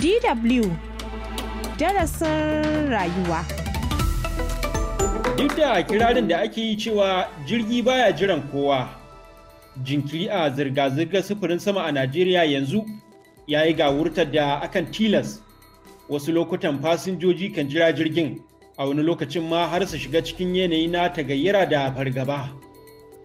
DW darasin rayuwa. Duk da kirarin da ake yi cewa jirgi baya jiran kowa, jinkiri a zirga-zirgar sufurin sama a Najeriya yanzu ya yi gawurtar da akan tilas wasu lokutan fasinjoji kan jira jirgin a wani lokacin ma har su shiga cikin yanayi na tagayyara da fargaba.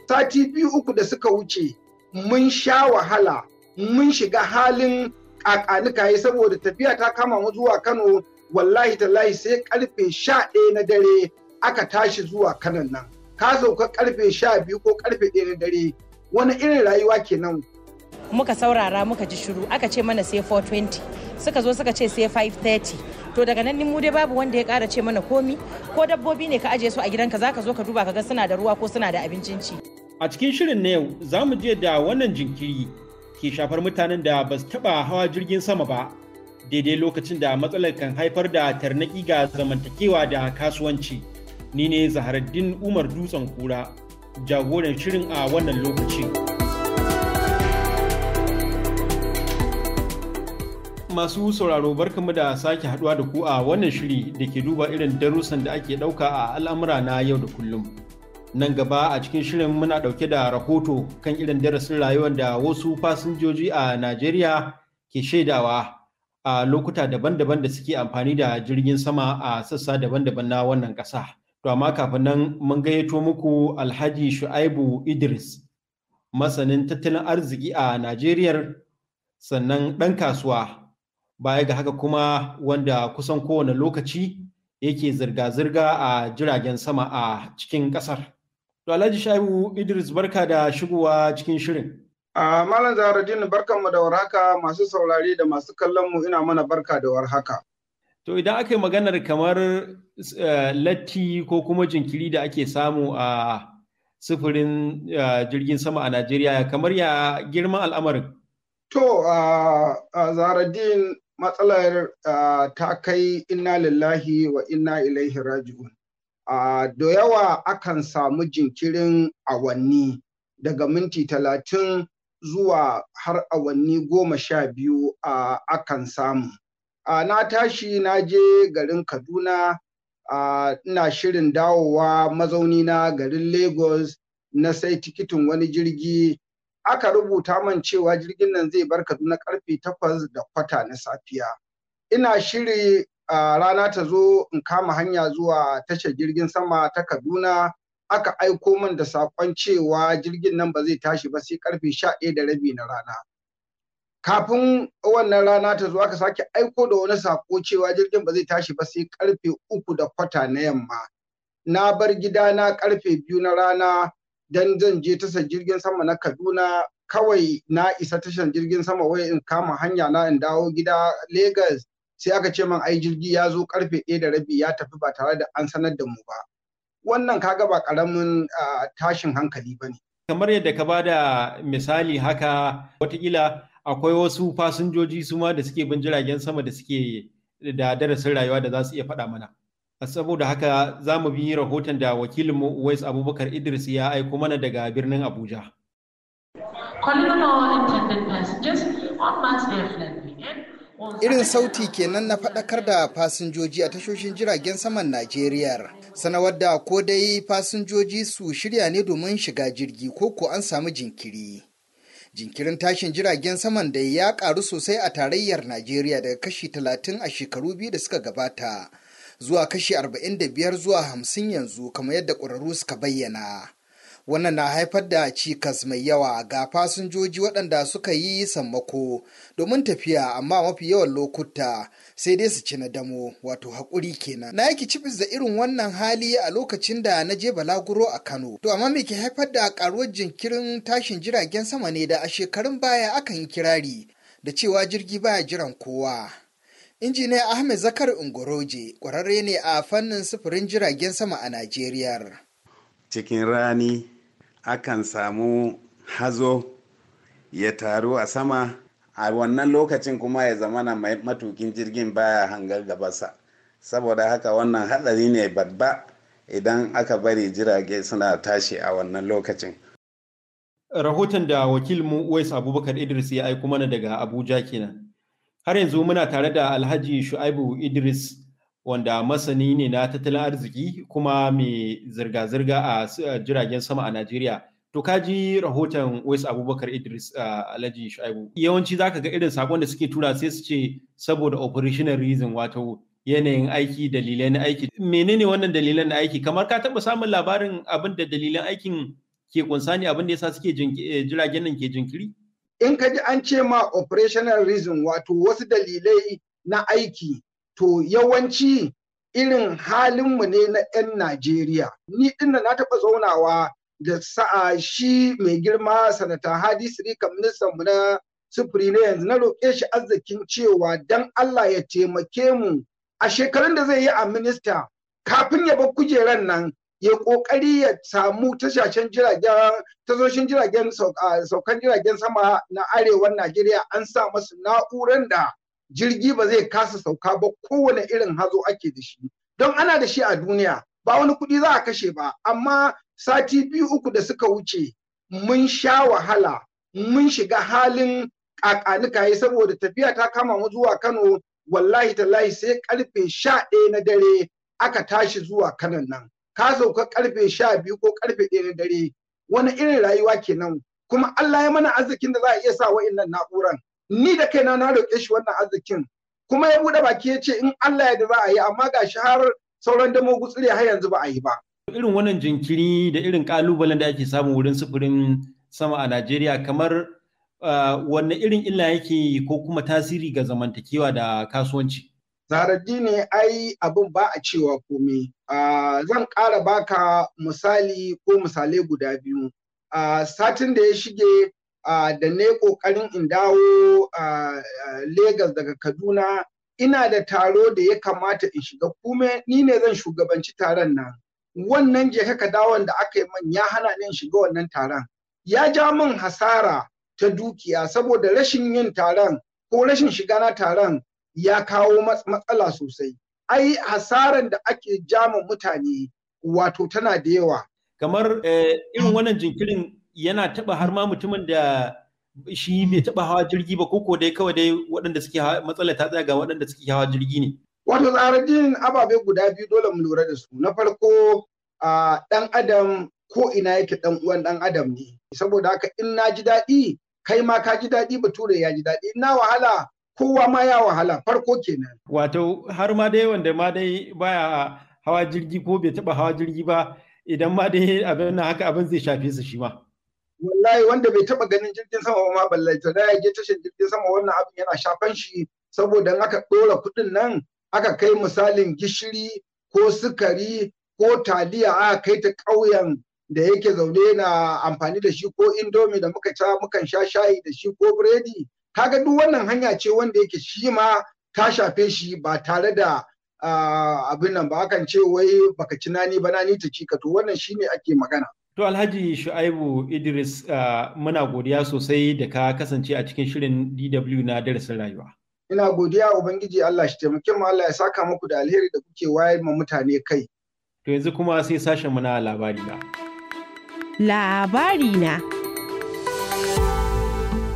Sati biyu uku da suka wuce mun sha wahala mun shiga halin a yi saboda tafiya ta kama mu zuwa Kano wallahi tallahi sai karfe sha ɗaya na dare aka tashi zuwa Kano nan ka sauka karfe sha biyu ko karfe ɗaya na dare wani irin rayuwa kenan muka saurara muka ji shiru aka ce mana sai 420 suka zo suka ce sai 530 to daga nan mu dai babu wanda ya kara ce mana komi ko dabbobi ne ka aje su a gidanka zaka zo ka duba ka ga suna da ruwa ko suna da abincin ci a cikin shirin na yau za mu je da wannan jinkiri ke shafar mutanen da ba su taɓa hawa jirgin sama ba daidai lokacin da matsalar kan haifar da tarnaƙi ga zamantakewa da kasuwanci ni ne zaharaddin umar dutsen kura jagoran shirin a wannan lokaci masu sauraro barkamu da sake haduwa da ku a wannan shiri da ke duba irin darussan da ake ɗauka a al'amura na yau da kullum. nan gaba a cikin shirin muna ɗauke da rahoto kan irin darasin rayuwar da wasu fasinjoji a najeriya ke shaidawa a lokuta daban-daban da suke amfani da jirgin sama a sassa daban-daban na wannan ƙasa to amma kafin nan mun gayyato muku alhaji shu'aibu idris masanin tattalin arziki a najeriya sannan ɗan kasuwa baya ga haka kuma wanda kusan kowane lokaci yake zirga-zirga a jiragen sama a cikin ƙasar. To Alhaji Shaibu Idris barka da shigowa cikin shirin. A Malam Zaharaddin barkan mu da warhaka masu saurari da masu kallon mu ina mana barka da warhaka. To idan aka yi maganar kamar eh, latti ko kuma jinkiri da ake samu a sufurin eh, jirgin sama a Najeriya kamar ya girman al'amarin. To Zaharaddin matsalar ta kai "Ina lillahi wa inna ilaihi raji'un. a da yawa akan samu jinkirin awanni daga minti talatin zuwa har awanni goma sha biyu a akan samu. A na tashi na je garin Kaduna a ina shirin dawowa mazauni na garin Lagos na sai tikitin wani jirgi aka rubuta man cewa jirgin nan zai bar Kaduna karfe takwas da kwata na safiya. Ina shiri rana ta zo in kama hanya zuwa tashar jirgin sama ta Kaduna aka aiko min da saƙon cewa jirgin nan ba zai tashi ba sai karfe sha ɗaya da rabi na rana. Kafin wannan rana ta zo aka sake aiko da wani saƙo cewa jirgin ba zai tashi ba sai karfe uku da kwata na yamma. Na bar gida na karfe biyu na rana don zan je tashar jirgin sama na Kaduna kawai na isa tashar jirgin sama wai in kama hanya na in dawo gida Legas sai aka ce man ai jirgi ya zo karfe ɗaya da rabi ya tafi ba tare da an sanar da mu ba wannan kaga ba karamin tashin hankali ba ne kamar yadda ka ba da misali haka watakila akwai wasu fasinjoji su ma da suke bin jiragen sama da suke da darasin rayuwa da za su iya faɗa mana saboda haka za mu bi rahoton da wakilin mu Uwais Abubakar Idris ya aiko mana daga birnin Abuja. intended passengers on mass Irin sauti kenan na faɗakar da fasinjoji a tashoshin jiragen saman Najeriya. Sanawar da ko dai fasinjoji su shirya ne domin shiga jirgi ko ko an samu jinkiri. Jinkirin tashin jiragen saman da ya ƙaru sosai a tarayyar Najeriya daga kashi talatin a shekaru biyu da suka gabata zuwa kashi arba'in da biyar zuwa hamsin yanzu kamar yadda ƙwararru suka bayyana. wannan na haifar da cikas mai yawa ga fasinjoji waɗanda suka yi sammako domin tafiya amma mafi yawan lokuta sai dai su ci na damo wato haƙuri kenan na yake cibis da irin wannan hali a lokacin da na je balaguro a kano to amma me ke haifar da ƙaruwar jinkirin tashin jiragen sama ne da a shekarun baya akan yi kirari da cewa jirgi baya jiran kowa injiniya ahmed zakar ungoroje ƙwararre ne a fannin sufurin jiragen sama a najeriya cikin rani akan samu hazo ya taru a sama a wannan lokacin kuma ya zamana matukin jirgin baya hangar gabasa saboda haka wannan haɗari ne babba idan aka bari jirage suna tashi a wannan lokacin rahoton da wakilinmu Uwais Abubakar Idris ya aiko mana daga Abuja kenan. Har yanzu muna tare da Alhaji Shu'aibu Idris wanda masani ne na tattalin arziki kuma mai zirga-zirga a jiragen sama a Najeriya. To ka ji rahoton Wais Abubakar Idris Alhaji Shaibu. Yawanci za ka ga irin sakon da suke tura sai su ce saboda operational reason wato yanayin aiki dalilai na aiki. Menene wannan dalilan na aiki? Kamar ka taɓa samun labarin abin da dalilan aikin ke kunsa ne abin da yasa suke eh, jiragen nan ke jinkiri? In ka ji an ce ma operational reason wato wasu dalilai na aiki to yawanci irin halinmu ne na 'yan Najeriya. Ni dinnan na taɓa zaunawa da sa'a shi mai girma sanata Hadi Sirika mu na sufuri na yanzu na roƙe shi arzikin cewa dan Allah ya taimake mu a shekarun da zai yi a minista kafin ya bar kujeran nan ya ƙoƙari ya samu tashashen jiragen tazoshin jiragen saukan jiragen sama na arewan Najeriya an sa masu na'uran da jirgi ba zai kasa sauka ba kowane irin hazo ake da shi don ana da shi a duniya ba wani kuɗi za a kashe ba amma sati biyu uku da suka wuce mun sha wahala mun shiga halin ya saboda tafiya ta kama mu zuwa Kano wallahi ta tallahi sai karfe sha ɗaya na dare aka tashi zuwa Kano nan ka sauka karfe sha biyu ko karfe ɗaya na dare wani irin rayuwa kenan kuma Allah ya mana arzikin da za a iya sa wa'innan na'uran ni da kaina na roƙe shi wannan arzikin kuma ya buɗe baki ya ce in Allah ya da za a yi amma ga shi har sauran damo gutsire har yanzu ba a yi ba. Irin wannan jinkiri da irin ƙalubalen da ake samu wurin sufurin sama a Najeriya kamar wanne irin illa yake ko kuma tasiri ga zamantakewa da kasuwanci. Zaradi ne ai abin ba a cewa komai. Zan ƙara baka misali ko misalai guda biyu. Satin da ya shige da na kokarin in dawo Legas daga Kaduna ina da taro da ya kamata in shiga kuma ni ne zan shugabanci taron nan wannan jeka ka da aka yi man ya hana ni shiga wannan taron ya ja min hasara ta dukiya saboda rashin yin taron ko rashin shiga na taron ya kawo matsala sosai ai hasaran da ake ja ma mutane wato tana da yawa kamar eh, irin wannan jinkirin yana taɓa har ma mutumin da shi bai taɓa hawa jirgi ba ko dai kawai dai waɗanda suke matsala ta tsaya ga waɗanda suke hawa jirgi ne. Wato jin ababe guda biyu dole mu lura da su. Na farko a ɗan adam ko ina yake ɗan uwan ɗan adam ne. Saboda haka in na ji daɗi kai ma ka ji daɗi bature ya ji daɗi. na wahala kowa ma ya wahala farko kenan. Wato har ma dai wanda ma dai baya hawa jirgi ko bai taɓa hawa jirgi ba idan ma dai abin haka abin zai shafe su shi ma. wallahi wanda bai taba ganin jirgin sama ba ma ballanta da ya je tashin jirgin sama wannan abin yana shafan shi saboda in aka dora kuɗin nan aka kai misalin gishiri ko sukari ko taliya aka kai ta ƙauyen da yake zaune na amfani da shi ko indomi da muka ca mukan sha shayi da shi ko biredi kaga duk wannan hanya ce wanda yake shi ma ta shafe shi ba tare da ah, abin nan ba akan ce wai baka ci nani ba nani ta ci ka to wannan shine ake magana To Alhaji Shu'aibu Idris uh, muna godiya sosai da ka kasance a cikin shirin DW na darasin rayuwa. Ina godiya Ubangiji Allah shi taimake mu Allah ya saka muku da alheri da kuke wayar ma mutane kai. To yanzu kuma sai sashen mu na labari na. Labari na.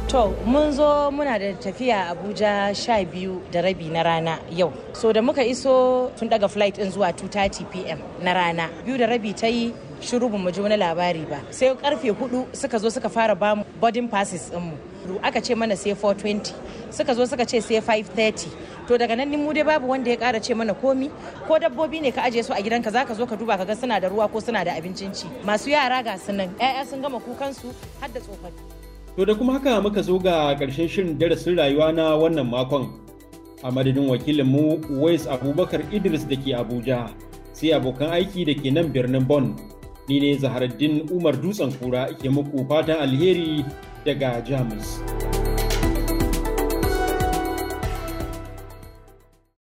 To mun zo muna da tafiya Abuja sha biyu da rabi na rana yau. So da muka iso tun daga flight ɗin zuwa 2:30 pm na rana. Biyu da rabi ta yi shiru mu ji wani labari ba sai karfe hudu suka zo suka fara bamu boarding passes mu aka ce mana sai 420 suka zo suka ce sai 530 to daga nan mu dai babu wanda ya kara ce mana komi ko dabbobi ne ka aje su a gidanka ka zo ka duba ka ga suna da ruwa ko suna da abincin ci masu yara ga su nan 'ya'ya sun gama kukan su har da tsofaffi to da kuma haka muka zo ga karshen shirin darasin rayuwa na wannan makon a madadin wakilin mu Wais Abubakar Idris da ke Abuja sai abokan aiki da ke nan birnin bon. Ni ne Zaharaddin Umar Dutsen Kura ke muku fatan alheri daga Jamus.